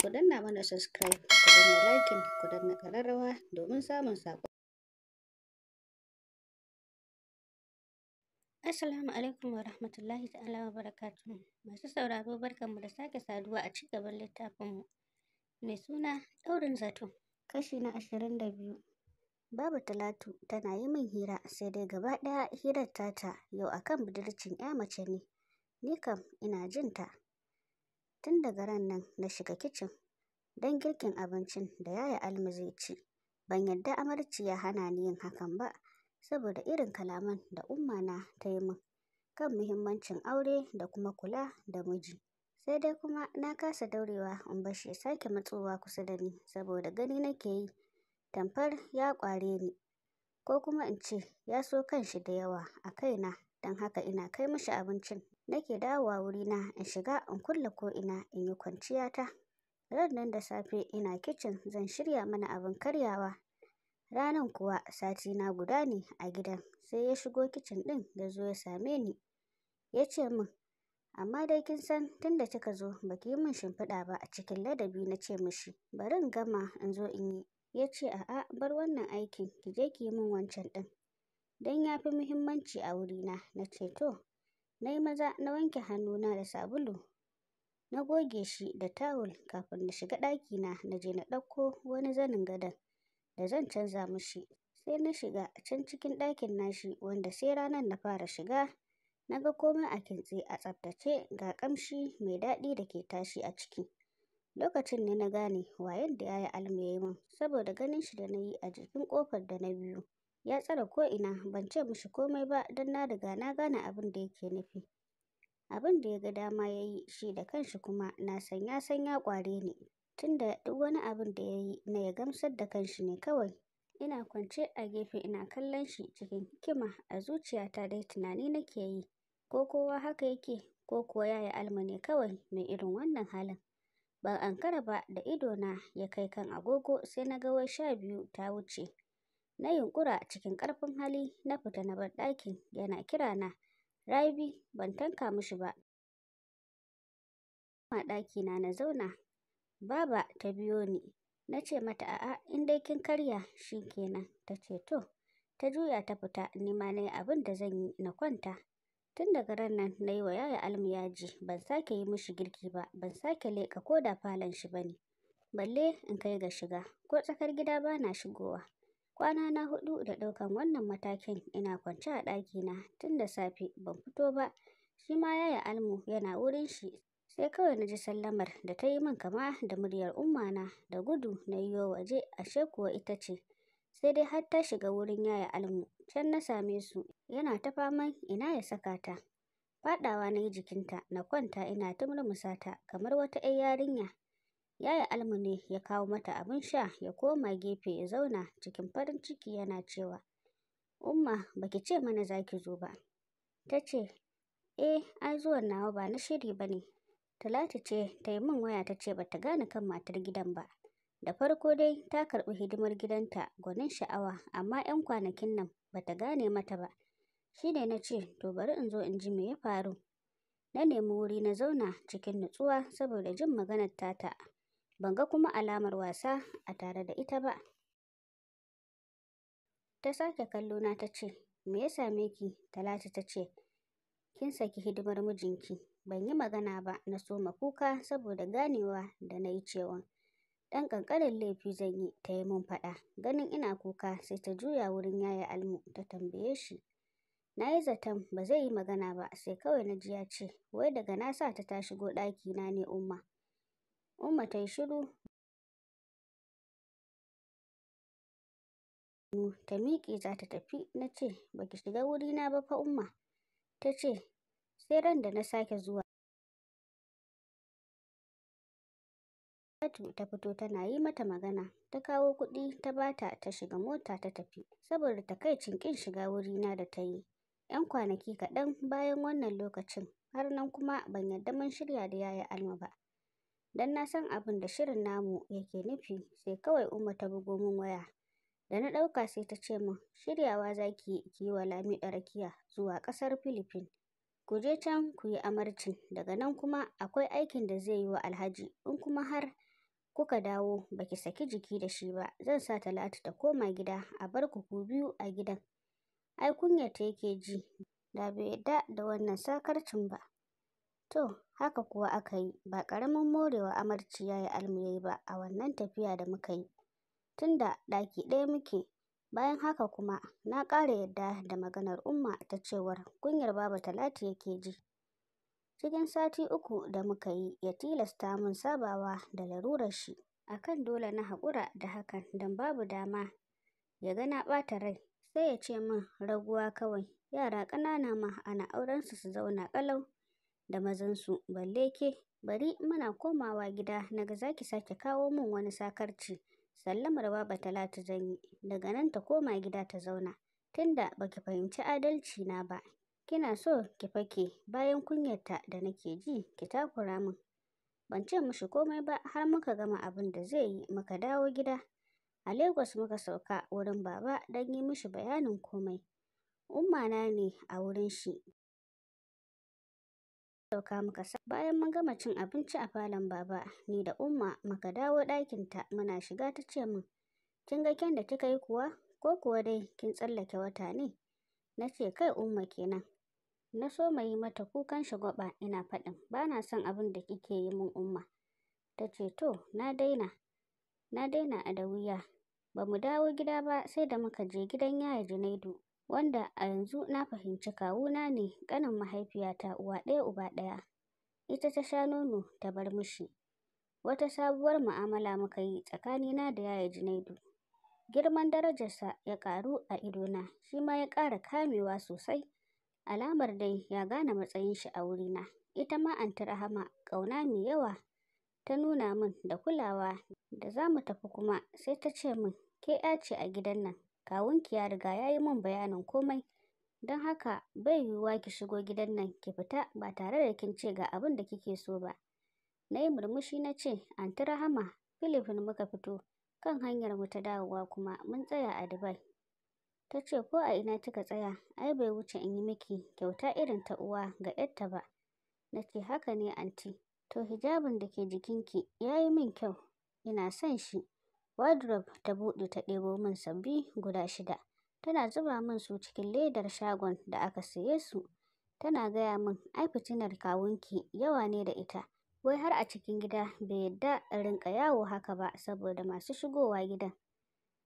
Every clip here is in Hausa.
ku danna mana subscribe ku danna liking ku danna kararrawa domin samun sako Assalamu alaikum wa rahmatullahi ta'ala wa barakatuhu masu sauraro barkanmu da sake saduwa a ci littafin littafinmu mai suna Daurin zato kashi na ashirin da biyu Babu Talatu tana yi min hira sai dai gaba ɗaya hirar tata yau akan budurcin ya mace ne ni kam ina jin ta Tun daga ran nan na shiga kicin don girkin abincin da Yaya Almu zai ci. Ban yadda amarci ya hana ni yin hakan ba, saboda irin kalaman da ummana ta yi min kan muhimmancin aure da kuma kula da miji. Sai dai kuma na kasa daurewa in bar shi ya sake matsowa kusa da ni saboda gani nake yi tamfar ya kware ni ko kuma in ce ya so kanshi da yawa a kaina don haka ina kai mishi abincin. nake dawowa wurina in shiga in kulle ko'ina in yi kwanciyata ran nan da safe ina kicin zan shirya mana abin karyawa ranan kuwa sati na guda ne a gidan sai ya shigo kicin ɗin ya zo ya same ni ya ce min amma dai kin san tunda kika zo baki yi min shimfiɗa ba a cikin ladabi na ce mishi bari in gama in zo in yi ya ce a'a bar wannan aikin ki je ki yi min wancan ɗin don ya fi muhimmanci a wurina na ce to na yi maza na wanke hannuna da sabulu na goge shi da tawul kafin na shiga ɗakina na je na ɗauko wani zanin gadon da zan canza mishi sai na shiga can cikin ɗakin nashi wanda sai ranar na fara shiga na ga komai a kintse a tsaftace ga ƙamshi mai daɗi da ke tashi a ciki lokacin ne na gane wayan da yi almu ya yi min saboda ganin shi da na yi a jikin ƙofar da na biyu ya tsare ko'ina ban ce mishi komai ba don na riga na gane abin da yake nufi abin da ya ga dama ya yi shi da kanshi kuma na san ya san ya ƙware ni tunda duk wani abin da ya yi na ya gamsar da kanshi ne kawai ina kwance a gefe ina kallon shi cikin hikima a zuciyata dai tunani nake yi ko kowa haka yake ko kuwa yaya alma ne kawai mai irin wannan halin ban ankara ba da idona ya kai kan agogo sai na ga wai sha biyu ta wuce na yunƙura cikin ƙarfin hali na fita na bar ɗakin yana kira na rabi ban tanka mishi ba koma ɗakina na zauna baba ta biyo ni na ce mata a'a in dai kin karya shi kenan ta ce to ta juya ta fita ni ma na abin da zan yi na kwanta tun daga ran nan na yi wa yaya almuyaji ban sake yi mishi girki ba ban sake leka ko da falon shi ba ne balle in kai ga shiga ko tsakar gida ba na shigowa Kwana na hudu da ɗaukan wannan matakin ina kwance a ɗakina tun da safe ban fito ba. Shi ma yaya almu yana wurin shi sai kawai na ji sallamar da ta yi min kama da muryar ummana da gudu na yiwo waje ashe kuwa ita ce. Sai dai har ta shiga wurin yaya almu can na same su yana ta faman ina ya saka ta. Faɗawa na yi jikinta na kwanta ina ta murmusa ta kamar wata 'yar yarinya. Yaya almune ya kawo mata abin sha ya koma gefe ya zauna cikin farin ciki yana cewa, Umma baki ce mana za ki zo ba. Ta ce, Eh, ai zuwan nawa ba na shiri ba ne. Talatu ce ta yi min waya ta ce bata gane kan matar gidan ba. Da farko dai ta karbi hidimar gidanta gwanin sha'awa amma 'yan kwanakin nan bata gane mata ba. Shi ne na ce, to bari in zo in ji me ya faru. Na nemi wuri na zauna cikin nutsuwa saboda jin maganar tata ban ga kuma alamar wasa a tare da ita ba. Ta sake na ta ce, Me ya same ki? Talatu ta ce, Kin saki hidimar mijinki, ban yi magana ba na soma kuka saboda ganewa da na yi cewa. Ɗan ƙanƙanin laifi zan yi ta yi mun faɗa, ganin ina kuka sai ta juya wurin yaya almu ta tambaye shi. Na yi zaton ba zai yi magana ba sai kawai na ji ya ce, wai daga na sa ta ta shigo na ne umma. Umma tayi yi shiru. Ta miƙe za ta tafi na ce ba ki shiga wurina ba fa umma. Ta ce sai ran da na sake zuwa. Hatu ta fito tana yi mata magana, ta kawo kuɗi ta bata ta shiga mota ta tafi, saboda takaicin ƙin shiga wurina da ta yi. ‘Yan kwanaki kaɗan bayan wannan lokacin, har nan kuma ban yarda mun shirya da yaya Alma ba. don na san abin da shirin namu yake nufi sai kawai Umma ta bugo min waya. Da na ɗauka sai ta ce min, shiryawa za ki yi wa Lami ɗarakiya zuwa ƙasar Filifin. Ku je can ku yi amarcin, daga nan kuma akwai aikin da zai yi wa Alhaji in kuma har kuka dawo ba ki saki jiki da shi ba zan sa Talatu ta koma gida a bar ku ku biyu a gidan. Ai kunyata ta yake ji, da bai yadda da wannan sakarcin ba. To, haka kuwa aka yi. Ba ƙaramin morewa amarci Almu ya yi ba a wannan tafiya da muka yi, tun da ɗaki ɗaya muke. Bayan haka kuma, na ƙara yadda da maganar Umma ta cewar kunyar babu Talatu yake ji. Cikin sati uku da muka yi, ya tilasta mun sabawa da larurar shi. A kan dole na haƙura da hakan don babu dama ya ga na ɓata rai, sai ya ce min raguwa kawai, yara ƙanana ma ana aurensu su zauna ƙalau. da mazansu balle ke bari muna komawa gida naga zaki sake kawo min wani sakarci sallamar baba talatu zan yi daga nan ta koma gida ta zauna tunda baki fahimci adalci na ba kina so ki fake bayan kunyarta da nake ji ki takura min ban ce mushi komai ba har muka gama abin da zai yi muka dawo gida a Lagos muka sauka wurin baba don yi mishi bayanin komai umma na ne a wurin shi Dauka muka sa bayan mun gama cin abinci a falon baba ni da umma muka dawo ɗakin ta muna shiga ta ce min kin ga kyan da kika yi kuwa ko kuwa dai kin tsallake wata ne na ce kai umma kenan na so yi mata kukan shagwaba ina faɗin ba na son abin da kike yi min umma ta ce to na daina na daina a da wuya ba mu dawo gida ba sai da muka je gidan yaya junaidu wanda a yanzu na fahimci kawuna ne ƙanin mahaifiyata uwa ɗaya uba ɗaya ita ta sha nono ta bar mishi wata sabuwar mu'amala muka yi tsakani na da yaya Junaidu girman darajarsa ya ƙaru a idona shi ma ya ƙara kamewa sosai alamar dai ya gane matsayin shi a wurina ita ma anti rahama ƙauna mai yawa ta nuna min da kulawa da za mu tafi kuma sai ta ce min ke ƴa ce a gidan nan Kawunki ya riga ya yi min bayanin komai, don haka bai yiwuwa ki shigo gidan nan ki fita ba tare da kin ce ga abin da kike so ba. Na yi murmushi na ce, Anti Rahama, Filifin muka fito, kan hanyar mu ta dawowa kuma mun tsaya a Dubai. Ta ce ko a ina kika tsaya, ai bai wuce in yi miki kyauta irin ta uwa ga ‘yarta ba. Na ce haka ne anti, to hijabin da ke jikinki ya yi min kyau, ina son shi. Wardrobe ta buɗe ta ɗebo min sabbi guda shida, tana zuba min su cikin ledar shagon da aka saye su, tana gaya min ai fitinar kawunki yawa ne da ita, wai har a cikin gida bai yadda in rinƙa yawo haka ba saboda masu shigowa gidan.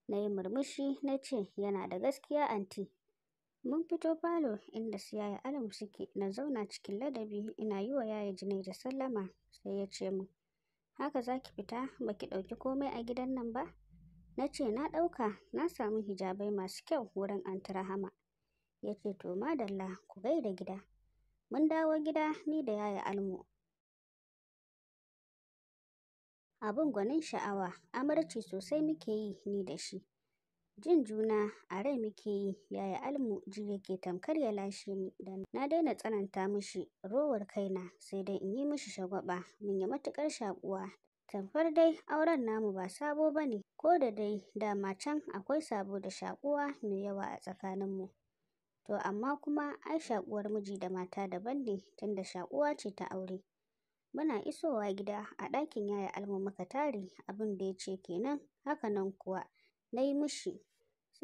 Na yi murmushi na ce yana da gaskiya anti. Mun fito falo inda su yaya Alam suke na zauna cikin ladabi ina yi wa yaya da sallama sai ya ce min. haka za ki fita ba ki ɗauki komai a gidan nan ba? Na ce na ɗauka na samu hijabai masu kyau wurin Anti Rahama. Ya ce to madalla ku gaida gida. Mun dawo gida ni da yaya Almu. Abin gwanin sha'awa, amarci sosai muke yi ni da shi. Jin juna a rai muke yi, yaya Almu ji yake tamkar ya lashe ni da na daina tsananta mishi rowar kaina sai dai in yi mishi shagwaba mun yi matuƙar shakuwa. Tamfar dai auren namu ba sabo ba ne, ko da dai dama can akwai sabo da shakuwa mai yawa a tsakaninmu. To amma kuma ai shakuwar miji da mata daban ne tunda shakuwa ce ta aure. Muna isowa gida a ɗakin yaya Almu muka tare abin da ya ce kenan, haka nan kuwa na yi mishi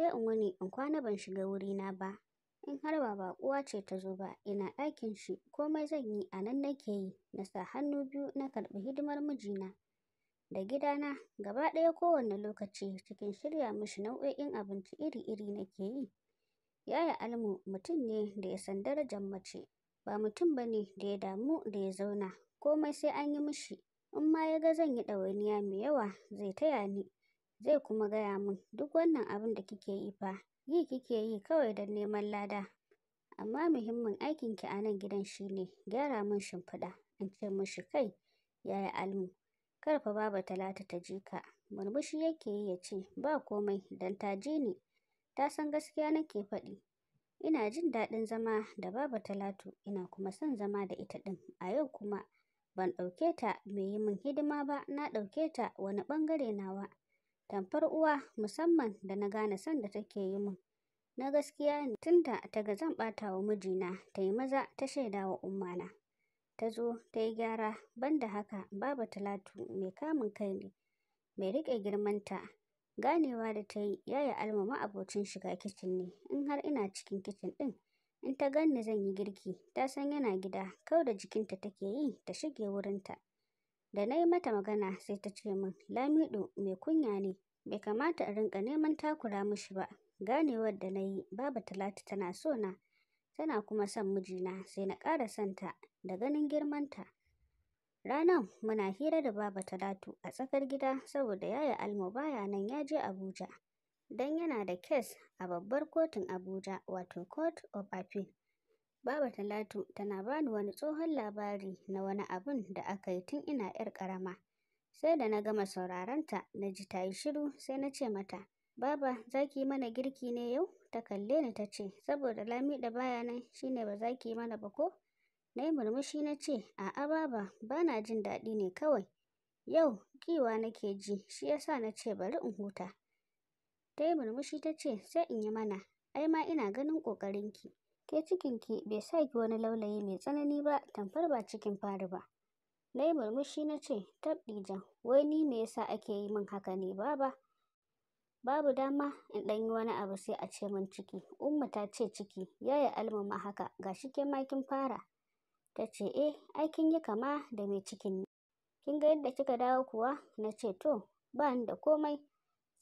sai in wani in kwana ban shiga wurina ba in har ba baƙuwa ce ta zo ba ina ɗakin shi komai zan yi a nan nake yi na sa hannu biyu na karɓi hidimar mijina da gidana gaba ɗaya kowane lokaci cikin shirya mishi nau'o'in abinci iri-iri nake yi yaya almu mutum ne da ya san darajar mace ba mutum ba ne da ya damu da ya zauna komai sai an yi mishi in ma ya ga zan yi ɗawainiya mai yawa zai taya ni zai kuma gaya min duk wannan abin da kike yi fa yi kike yi kawai don neman lada amma muhimmin aikin ki a nan gidan shi ne. gyara min shimfiɗa in ce mishi kai yaya almu kar fa baba talata ta ji ka murmushi yake yi ya ce ba komai Dan ta ji ni ta san gaskiya nake faɗi ina jin daɗin zama da baba talatu ina kuma son zama da ita ɗin a yau kuma ban ɗauke ta mai yi min hidima ba na ɗauke ta wani ɓangare nawa tamfar uwa musamman da na gane son da take yi min na gaskiya ne tunda ta ga zan ɓata wa mijina ta yi maza ta shaida wa ummana ta zo ta yi gyara banda haka baba talatu mai kamun kai ne mai riƙe girmanta ganewa da ta yi ya yi almama abocin shiga kicin ne in har ina cikin kicin ɗin in ta ganni zan yi girki ta san yana gida kau da jikinta take yi ta shige wurinta Da na yi mata magana sai ta ce min Lamido mai kunya ne, bai kamata a rinka neman takura mishi ba. Ganewar da na yi Baba Talatu tana so na, tana kuma son mijina sai na ƙara santa da ganin girmanta. Ranan muna hira da Baba Talatu a tsakar gida saboda yaya Almu baya nan ya je Abuja. Don yana da kes a babbar kotun Abuja wato Court of Appeal. Baba Talatu tana bani wani tsohon labari na wani abun da aka yi tun ina 'yar ƙarama. Sai da na gama sauraronta na ji ta yi shiru sai na ce mata, Baba za ki yi mana girki ne yau? Ta kalle ni ta ce, saboda Lami baya nan shi ne ba za ki yi mana ba ko? Na yi murmushi na ce, a'a baba ba na jin daɗi ne kawai. Yau kiwa nake ji shi yasa na ce bari in huta. Ta yi murmushi ta ce, sai in yi mana, ai ma ina ganin ƙoƙarinki. ke ki. bai sa ki wani laulayi mai tsanani ba tamfar ba cikin fari ba na yi murmushi na ce tabdijan wai ni me yasa ake yi min haka ne baba babu dama in ɗan yi wani abu sai a ce min ciki umma ta ce ciki yaya yi ma haka gashi ke ma kin fara ta ce e ai kin yi kama da mai cikin ne kin ga yadda kika dawo kuwa na ce to ba ni da komai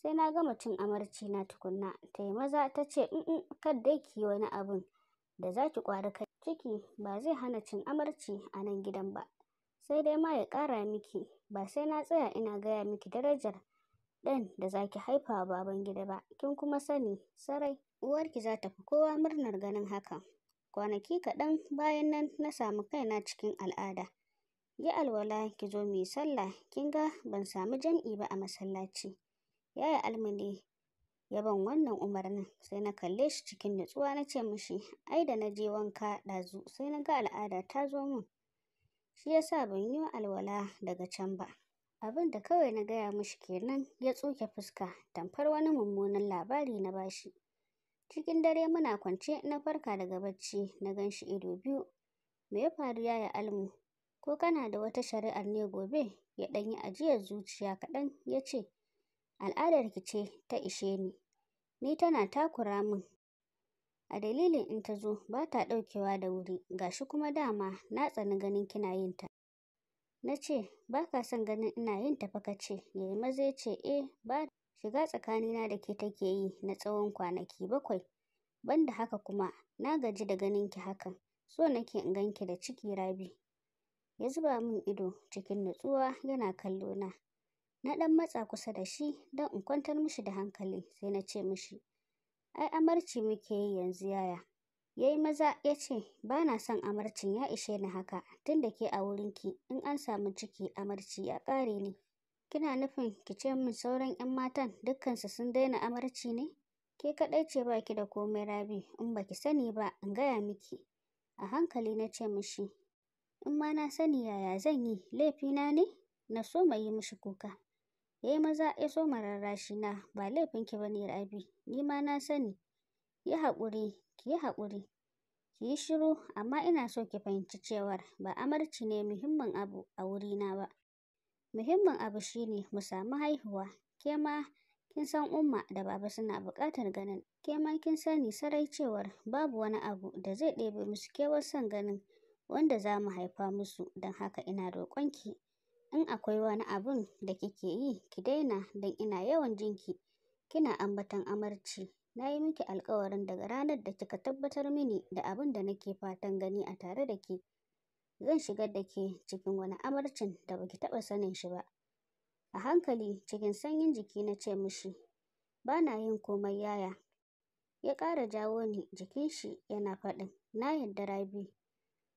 sai na gama cin amarci na tukunna ta yi maza ta ce in kar dai ki wani abun da za ki ƙwari kai ciki ba zai hana cin amarci a nan gidan ba sai dai ma ya ƙara miki ba sai na tsaya ina gaya miki darajar ɗan da za ki haifa wa baban gida ba kin kuma sani sarai uwarki za ta fi kowa murnar ganin hakan kwanaki kaɗan bayan nan na samu kaina cikin al'ada yi alwala ki zo mu yi sallah kin ga ban samu jam'i ba a masallaci yaya almali ya wannan umarnin sai na kalle shi cikin nutsuwa na ce mishi ai da na je wanka ɗazu sai na ga al'ada ta zo min shi yasa ban yi alwala daga can ba abin da kawai na gaya mishi kenan ya tsoke fuska tamfar wani mummunan labari na bashi cikin dare muna kwance na farka daga bacci na gan shi ido biyu me ya faru yaya almu ko kana da wata shari'ar ne gobe ya ɗan yi ajiyar zuciya kaɗan ya ce al'adarki ce ta ishe ni, ni tana takura min. A dalilin in ta zo ba ta ɗaukewa da wuri, ga shi kuma dama na tsani ganin kina yin ta. Na ce, ba ka son ganin ina yin ta fa ka ce, ya yi maza ya ce, eh, ba shiga tsakanina da ke take yi na tsawon kwanaki bakwai. Banda haka kuma, na gaji da ganin ki hakan, so nake in ganki da ciki rabi. Ya zuba min ido cikin nutsuwa yana kallo na. Na ɗan matsa kusa da shi don in kwantar mishi da hankali sai na ce mishi, ai amarci muke yi yanzu yaya. yayi maza ya ce, ba na son amarcin ya ishe ni haka tun da ke a wurin ki, in an samu ciki amarci ya ƙare ni. Kina nufin ki ce min sauran 'yan matan dukkansu sun daina amarci ne? Ke kaɗai ce ba ki da komai rabi in baki sani ba in gaya miki. A hankali na ce mishi, in ma na sani yaya zan yi laifina ne? Na so mai yi mishi kuka. Ya yi maza ya so mararrashi na ba laifin ki ba ne Rabi, ni ma na sani. Yi haƙuri, ki yi haƙuri. Ki yi shiru amma ina so ki fahimci cewar ba amarci ne muhimmin abu a wurina ba. Muhimmin abu shine mu samu haihuwa, ke ma kin san umma da baba suna buƙatar ganin ke ma kin sani sarai cewar babu wani abu da zai ɗebe musu kewar son ganin wanda za mu haifa musu don haka ina roƙonki in akwai wani abun da kike yi ki daina don ina yawan jinki kina ambaton amarci na yi miki alkawarin daga ranar da kika tabbatar mini da abin da nake fatan gani a tare da ke zan shigar da ke cikin wani amarcin da baki taɓa sanin shi ba a hankali cikin sanyin jiki na ce mishi ba na yin komai yaya ya ƙara jawo ni jikin shi yana faɗin na yarda rabi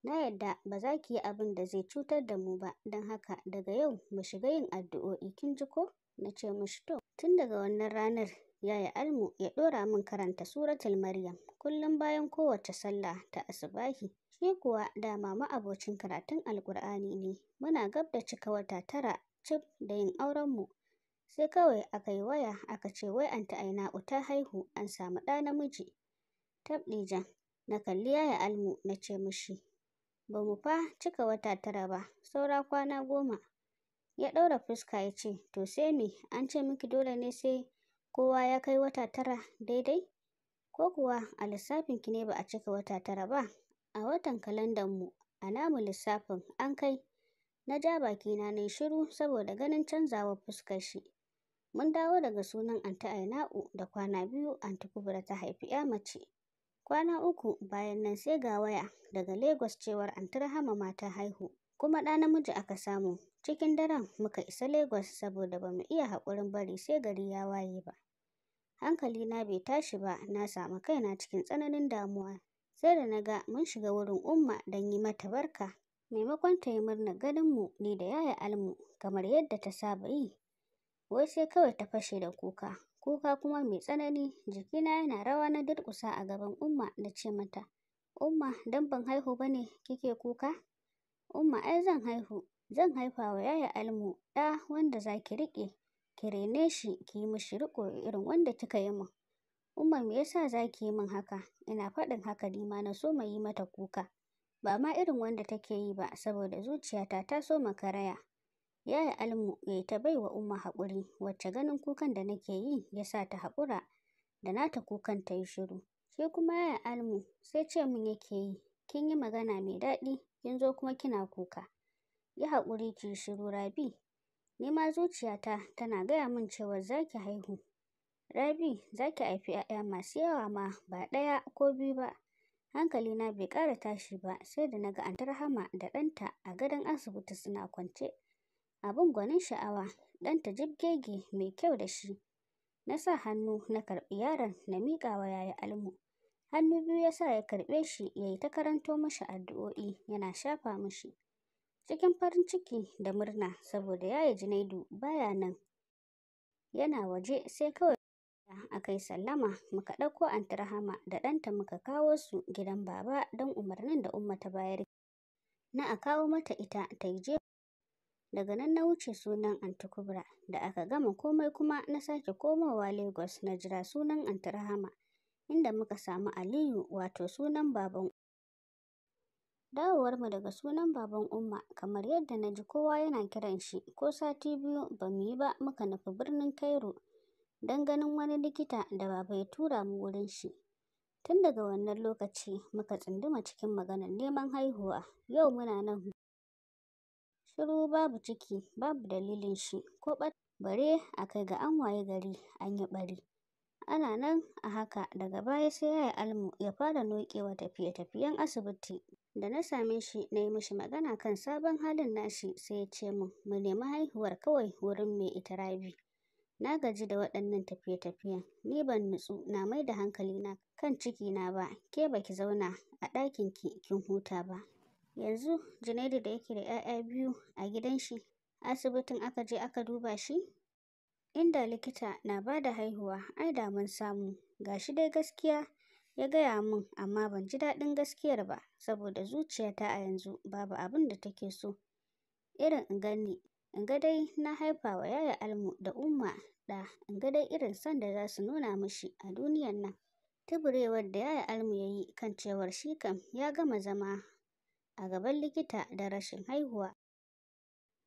Na yarda ba za ki yi abin da zai cutar da mu ba, don haka daga yau mu shiga yin addu'o'i kin ji ko? Na ce mishi to. Tun daga wannan ranar ya yi Almu ya ɗora min karanta suratul Maryam kullum bayan kowace sallah ta asubahi. Shi kuwa dama ma'abocin karatun Alƙur'ani ne, muna gab da cika wata tara cif da yin aurenmu. Sai kawai aka yi waya aka ce wai anta Aina'u ta haihu an samu ɗa namiji. Tabɗija, na kalli yaya Almu na ce mishi ba mu fa cika wata tara ba saura kwana goma ya ɗaura fuska ya ce to sai me an ce miki dole ne sai kowa ya kai wata tara daidai ko kuwa a lissafin ki ne ba a cika wata tara ba a watan kalandan mu a namu lissafin an kai na ja bakina na shiru saboda ganin canzawar fuskar shi mun dawo daga sunan anti aina'u da kwana biyu anti Kubura ta haifi ya mace Kwana uku bayan nan sai ga waya daga Lagos cewar an Rahama mata haihu, kuma ɗa namiji aka samu. Cikin daren muka isa Lagos saboda ba mu iya haƙurin bari sai gari ya waye ba. Hankali na bai tashi ba na samu kaina cikin tsananin damuwa. Sai da na ga mun shiga wurin Umma don yi mata barka. Maimakon ta yi murnar mu ni da yaya Almu kamar yadda ta saba yi, wai sai kawai ta fashe da kuka kuka kuma mai tsanani jikina yana rawa na durƙusa a gaban umma da ce mata umma dan ban haihu bane kike kuka umma ai zan haihu zan haifa wa yaya almu ɗa wanda za ki riƙe ki rene shi ki yi mishi riƙo irin wanda kika yi min umma me yasa za ki yi min haka ina faɗin haka ni ma na so ma yi mata kuka ba ma irin wanda take yi ba saboda zuciyata ta so karaya Yaya Almu ya ta bai wa Umma haƙuri wacce ganin kukan da nake yi ya sa ta haƙura da nata kukan ta yi shiru. Shi kuma Yaya Almu sai ce min yake yi, kin yi magana mai daɗi kin zo kuma kina kuka. Yi haƙuri ki yi shiru Rabi, ni ma zuciyata tana gaya min cewa za ki haihu. Rabi za ki haifi 'ya'ya masu yawa ma ba ɗaya ko biyu ba. na bai ƙara tashi ba sai da na ga hama da ɗanta a gadon asibiti suna kwance. abin gwanin sha'awa ɗan jibgege mai kyau da shi na sa hannu na karɓi yaron na miƙa wa yaya almu hannu biyu ya sa ya karɓe shi ya yi ta karanto mashi addu'o'i yana shafa mashi cikin farin ciki da murna saboda yi junaidu baya nan yana waje sai kawai a kai sallama muka ɗauko antirahama da ɗanta muka kawo su gidan baba don umarnin da umma ta bayar na a kawo mata ita ta yi daga nan na wuce sunan antikubra da aka gama komai kuma na sake komowa lagos na jira sunan anti inda muka samu aliyu wato sunan baban dawowarmu daga sunan baban umma kamar yadda na ji kowa yana kiran shi ko sati biyu ba mu yi ba muka nufi birnin cairo don ganin wani likita da baba ya tura mu wurin shi tun daga wannan lokaci muka tsunduma cikin maganar neman haihuwa yau muna nan Shiru babu ciki babu dalilin shi ko ɓat bare a kai ga an waye gari an yi ɓari. Ana nan a haka daga baya sai yaya Almu ya fara noƙewa tafiye-tafiyen asibiti. Da na same shi na yi mishi magana kan sabon halin nashi sai ya ce min mu nemi haihuwar kawai wurin mai ita Rabi. Na gaji da waɗannan tafiye-tafiyen, ni ban nutsu na mai da hankalina kan cikina ba, ke baki zauna a ɗakinki kin huta ba. yanzu Junaidu da yake da 'ya'ya biyu a gidan shi asibitin aka je aka duba shi inda likita na bada haihuwa ai da mun samu shi dai gaskiya ya gaya min amma ban ji daɗin gaskiyar ba saboda zuciyata a yanzu babu abin da take so irin in gani in ga dai na haifa wa yaya almu da umma da in ga dai irin son da za su nuna mishi a duniyar nan tuburewar da yaya almu ya yi kan cewar shi kam ya gama zama a gaban likita da rashin haihuwa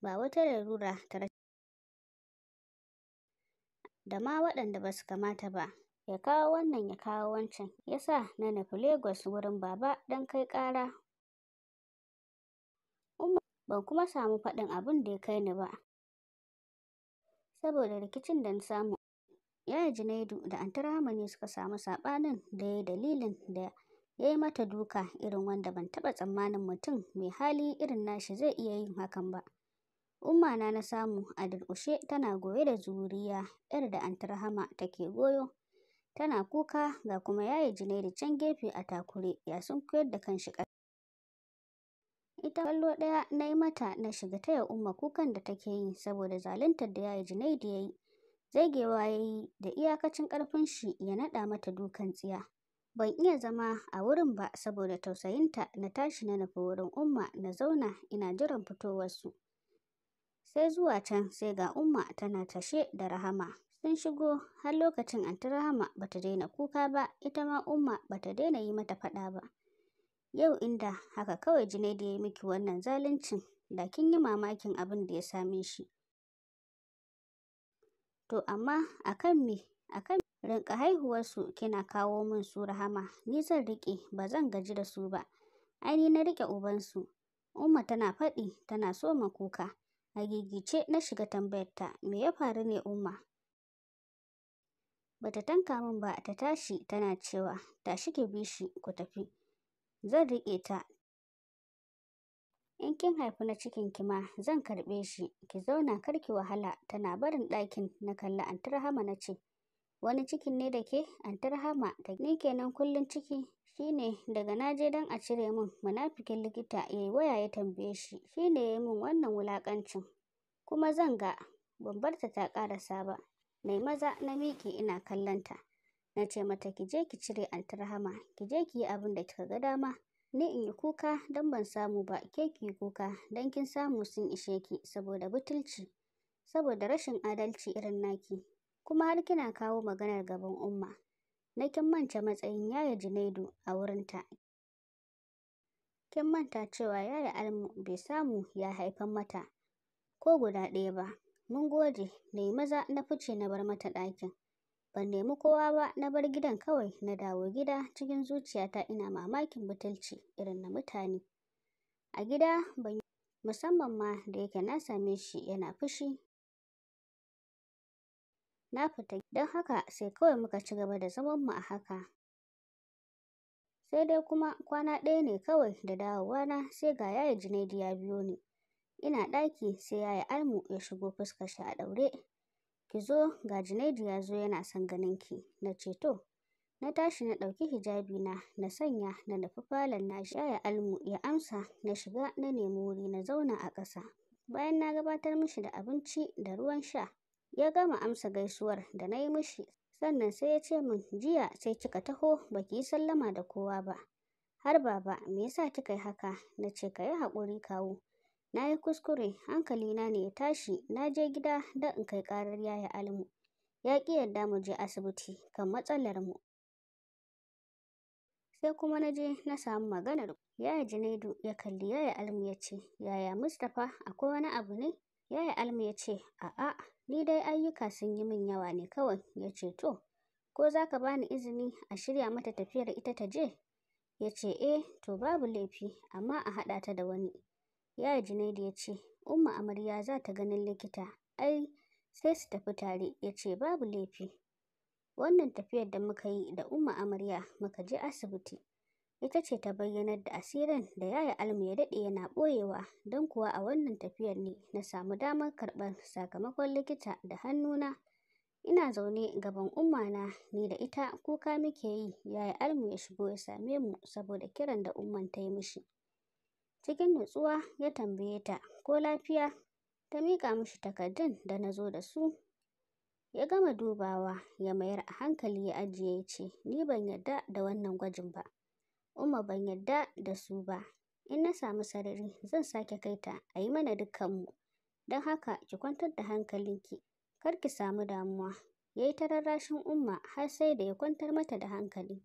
ba wata larura ta rashin da ma waɗanda ba su kamata ba ya kawo wannan ya kawo wancan ya sa na nufi Lagos wurin baba don kai ƙara. Ban kuma samu faɗin abin da ya kai ni ba, saboda rikicin da na samu. Yaya Junaidu da Antarama ne suka samu saɓanin da ya yi dalilin da ya yi mata duka irin wanda ban taɓa tsammanin mutum mai hali irin nashi zai iya yin hakan ba. Umma na na samu a durƙushe tana goye da zuriya ‘yar da rahama take goyo. Tana kuka ga kuma yaye Junaidu can gefe a takure ya sunkuyar da kanshi ƙasa. Ita kallo ɗaya na yi mata na shiga taya umma kukan da take yi saboda zaluntar da yaye Junaidu ya yi. Zagewa ya yi da iyakacin ƙarfin shi ya naɗa mata dukan tsiya. ban iya zama a wurin ba saboda tausayinta na tashi na nufi wurin umma na zauna ina jiran fitowarsu sai zuwa can sai ga umma tana tashe da rahama sun shigo har lokacin anti rahama bata daina kuka ba ita ma umma bata daina yi mata faɗa ba yau inda haka kawai da ya yi miki wannan zaluncin da kin yi mamakin abin da ya same shi to amma akan me akan rinka haihuwarsu kina kawo min su rahama ni zan riƙe ba zan gaji da su ba ai ni na riƙe ubansu umma tana faɗi tana so ma kuka a gigice na shiga tambayarta me ya faru ne umma bata tanka min ba ta tashi tana cewa tashi ki bi shi ku tafi zan riƙe ta in kin haifi na cikin ki ma zan karɓe shi ki zauna kar ki wahala tana barin ɗakin na kalli antar rahama na ce wani cikin ne da ke antarhama ta ni kenan kullum ciki shine daga na je don a cire min munafikin likita ya yi waya ya tambaye shi shine ya yi min wannan wulakancin kuma zan ga ban barta ta karasa ba mai maza na miƙe ina kallonta na ce mata ki je ki cire antarhama ki je ki yi abin da kika ga dama ni in yi kuka don ban samu ba ke ki kuka don kin samu sun ishe ki saboda butulci saboda rashin adalci irin naki kuma har kina kawo maganar gaban umma na kin manta matsayin yaya junaidu a wurinta kin manta cewa yaya almu bai samu ya haifan mata ko guda ɗaya ba mun gode na maza na fice na bar mata ɗakin ban nemi kowa ba na bar gidan kawai na dawo gida cikin zuciyata ina mamakin butulci irin na mutane a gida ban musamman ma da yake na same shi yana fushi na fita don haka sai kawai muka ci gaba da zaman mu a haka sai dai kuma kwana ɗaya ne kawai da dawowa na sai ga yaya Junaidu ya biyo ni ina ɗaki sai yaya Almu ya shigo fuskar shi a ɗaure ki zo ga Junaidu ya zo yana son ganin ki na ce to na tashi na ɗauki hijabi na na sanya na nufi falon na yaya Almu ya amsa na shiga na nemi wuri na zauna a ƙasa bayan na gabatar mishi da abinci da ruwan sha ya gama amsa gaisuwar da na yi mishi sannan sai ya ce min jiya sai kika taho baki yi sallama da kowa ba har baba me yasa kika yi haka na ce ka yi haƙuri kawo na yi kuskure hankalina ne ya tashi na je gida da in kai ƙarar yaya almu ya ƙi yadda mu je asibiti kan matsalar mu sai kuma na je na samu maganar yaya junaidu ya kalli yaya almu ya ce yaya mustapha akwai wani abu ne Yaya alma ya ce, A'a, ni dai ayyuka sun yi min yawa ne kawai, ya ce, To, ko za ka bani izini a shirya mata tafiyar ita ta je? Ya ce, E, to babu laifi, amma a haɗa ta da wani. Yaya Junaidu ya ce, Umma amarya za ta ganin likita, ai, sai su tafi tare, ya ce, Babu laifi. Wannan tafiyar da muka yi da Umma amarya muka je asibiti. ita ce ta bayyanar da asirin da yaya almu ya daɗe yana ɓoyewa don kuwa a wannan tafiyar ne na samu damar karɓar sakamakon likita da hannuna ina zaune gaban ummana ni da ita kuka muke yi yaya almu ya shigo ya same mu saboda kiran da umman ta yi mishi cikin nutsuwa ya tambaye ta ko lafiya ta miƙa mishi takardun da na zo da su ya gama dubawa ya mayar a hankali ya ajiye ya ce ni ban yarda da wannan gwajin ba Umma ban yarda da su ba. In na samu sarari zan sake kai ta a yi mana dukkanmu. Don haka ki kwantar da hankalinki, kar ki samu damuwa. Ya yi ta rarrashin Umma har sai da ya kwantar mata da hankali.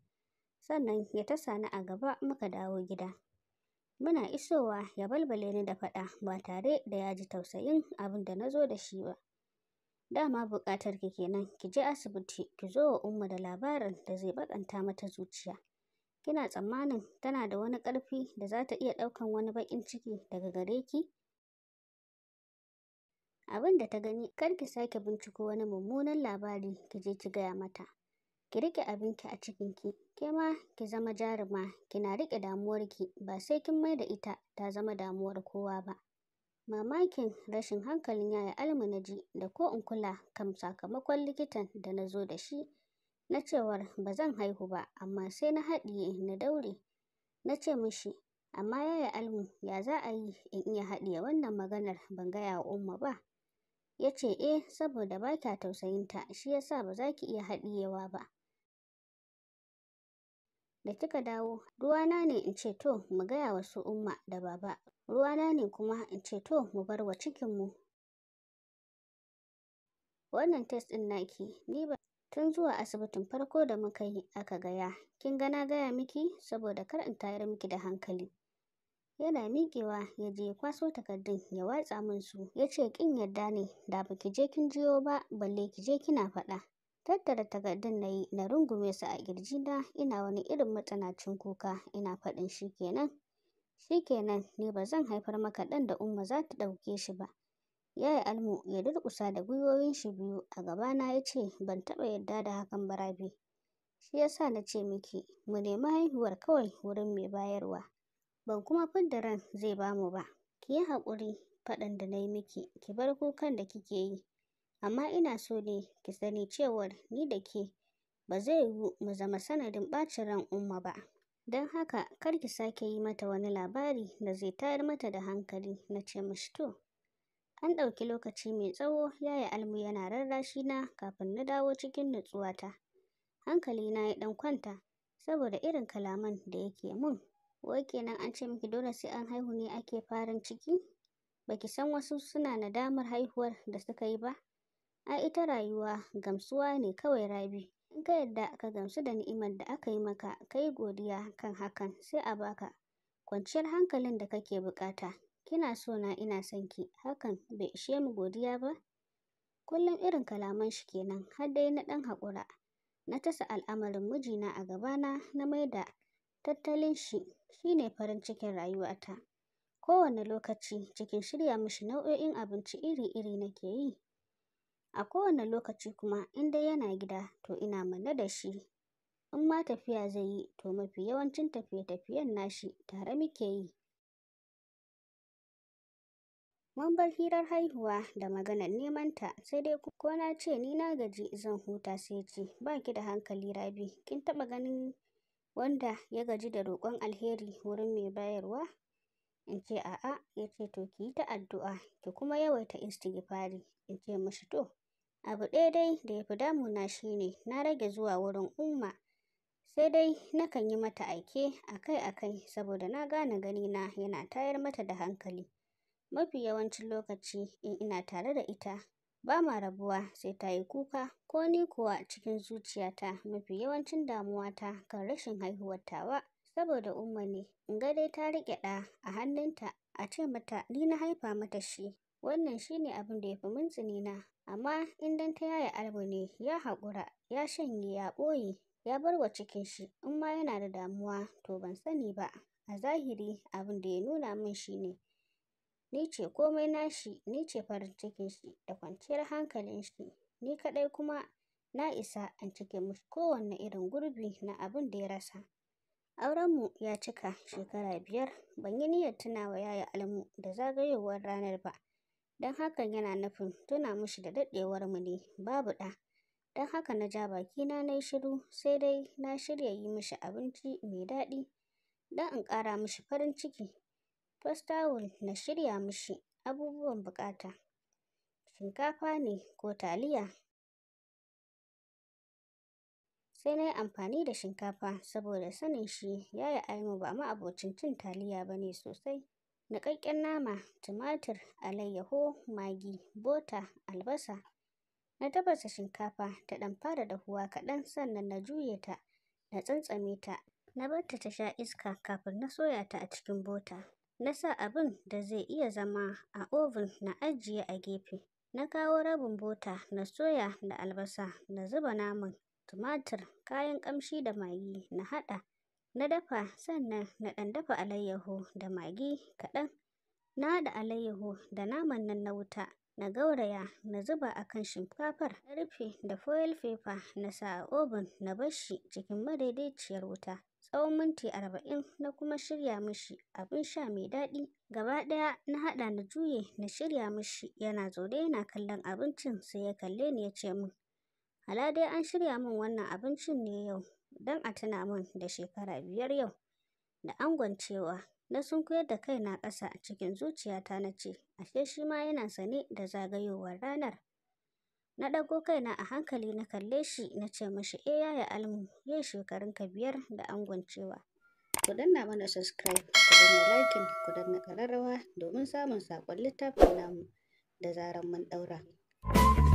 Sannan ya ta sani a gaba muka dawo gida. Muna isowa ya balbale ni da faɗa ba tare da ya ji tausayin abin da na zo da shi ba. Dama buƙatar ki kenan ki je asibiti ki zo wa Umma da labarin da zai baƙanta mata zuciya. Kina tsammanin tana da wani ƙarfi da za ta iya ɗaukan wani baƙin ciki daga gare ki? Abin da ta gani kar ki sake binciko wani mummunan labari ki je ki gaya mata. Ki riƙe abinki a cikinki, ke ma ki zama jaruma, kina riƙe damuwarki ba sai kin mai da ita ta zama damuwar kowa ba. Mamakin rashin hankalin yaya ji da ko in kula kam sakamakon likitan da na zo da shi na cewar ba zan haihu ba amma sai na haɗiye na daure na ce mishi amma yaya almu ya za a yi in iya haɗiye wannan maganar ban gaya wa umma ba ya ce eh saboda ba tausayin tausayinta shi ya sa ba za ki iya haɗiyewa ba da kika dawo ruwana ne in ce to mu gaya wa su umma da baba ruwana ne kuma in ce to mu bar wa cikinmu wannan test ɗin naki ni ba tun zuwa asibitin farko da muka yi aka gaya kin gana gaya miki saboda kar in tayar miki da hankali yana miƙewa ya je ya kwaso takardun ya watsa min su ya ce kin yarda ne da ba ki je kin jiyo ba balle ki je kina faɗa tattara takardun na yi na rungume su a ƙirji na ina wani irin matsanacin kuka ina faɗin shikenan kenan, ni ba zan haifar maka ɗan da umma za ta ɗauke shi ba Ya yi Almu ya durkusa da gwiwowin shi biyu a gabana ya ce ban taɓa yarda da hakan ba Rabi. Shi sa na ce miki mu nemi haihuwar kawai wurin mai bayarwa. Ban kuma fidda ran zai bamu ba. Ki yi haƙuri faɗan da na yi miki ki bar kukan da kike yi. Amma ina so ne ki sani cewar ni da ke ba zai yiwu mu zama sanadin ɓacin ran umma ba. Don haka kar ki sake yi mata wani labari da zai tayar mata da hankali na ce mishi to. An ɗauki lokaci mai tsawo yaya almu yana rarrashi na kafin na dawo cikin nutsuwata. Hankali na ya ɗan kwanta saboda irin kalaman da yake mun. Wai kenan an ce miki dole sai an haihu ne ake farin ciki? Baki san wasu suna nadamar haihuwar da suka yi ba? A ita rayuwa gamsuwa ne kawai rabi. In ka yarda ka gamsu da ni'imar da aka yi maka, kai godiya kan hakan sai a baka kwanciyar hankalin da kake buƙata. kina so na ina son ki hakan bai ishe mu godiya ba kullum irin kalaman shi kenan har dai na ɗan haƙura na tasa al'amarin mijina a gabana na maida tattalin shi shine farin cikin rayuwata kowane lokaci cikin shirya mishi nau'o'in abinci iri-iri nake yi a kowane lokaci kuma in dai yana gida to ina manne da shi in ma tafiya zai yi to mafi yawancin tafiye-tafiyen nashi tare muke yi Mun bar hirar haihuwa da maganar nemanta, sai dai ko na ce ni na gaji zan huta sai ce, ba ki da hankali Rabi, kin taɓa ganin wanda ya gaji da roƙon alheri wurin mai bayarwa? In ce a'a, ya ce to ki yi ta addu'a, ki kuma yawaita istighfari. In ce mashi to, abu ɗaya dai da ya fi damuna shine na rage zuwa wurin umma. sai dai nakan yi mata aike akai-akai saboda na gane ganina yana tayar mata da hankali Mafi yawancin lokaci in ina tare da ita, ba ma rabuwa sai ta yi kuka ko ni kuwa cikin zuciyata mafi yawancin damuwata kan rashin haihuwar tawa saboda Umma ne. In ga dai ta riƙe ɗa a hannunta a ce mata ni na haifa mata shi. Wannan shi ne abin da ya fi min tsinina. Amma in dan ta yaye Arbu ne ya haƙura, ya shanye, ya ɓoye, ya bar wa cikin shi in ma yana da damuwa to ban sani ba. A zahiri abin da ya nuna min shi ne Ni ce komai nashi, ni ce farin cikin shi da kwanciyar hankalin shi, ni kaɗai kuma na isa in cike mishi kowanne irin gurbi na abin da ya rasa. Aurenmu ya cika shekara biyar, ban yi niyyar tunawa Yaya Almu da zagayowar ranar ba, don hakan yana nufin tuna mishi da daɗewarmu ne babu ɗa. Don haka na ja bakina na yi shiru sai dai na shirya yi mishi abinci mai daɗi don in ƙara mishi farin ciki. Fastawul na shirya mishi abubuwan buƙata, shinkafa ne ko taliya? Sai na yi amfani da shinkafa saboda sanin shi yi Aimu ba ma'abocin cin taliya ba ne sosai. Niƙaƙƙen nama, tumatir, alayyaho, magi, bota, albasa. Na tafasa shinkafa ta ɗan fara dahuwa kaɗan sannan na juye ta, na tsantsame ta, na bar ta sha iska kafin na soya ta a cikin bota. Na sa abin da zai iya zama a oven na ajiye a gefe. Na kawo rabin bota na soya da albasa na zuba naman, tumatir, kayan kamshi da magi na haɗa. Na dafa sannan na ɗan dafa alayyaho da magi kaɗan. Na da alayyaho da naman nan na wuta. Na gauraya na zuba a kan shinkafar. Na rufe da foil paper na sa a oven na bashi cikin madaidaiciyar wuta. tsawon minti arba'in na kuma shirya mishi abin sha mai daɗi. Gaba ɗaya na haɗa na juye na shirya mishi yana zaune yana kallon abincin sai ya kalle ni ya ce min Hala dai an shirya min wannan abincin ne yau don a tuna min da shekara biyar yau da angon cewa na sunkuyar da kaina ƙasa cikin zuciyata na ce ashe shi ma yana sane da zagayowar ranar. Na ɗago kaina a hankali na kalle shi na ce mashi eh, ya ya almu shekarun shekarunka biyar da cewa. Ku danna mana subscribe, ku danna liking, ku danna ƙararrawa domin samun saƙon littafin namu da zaran mun ɗaura.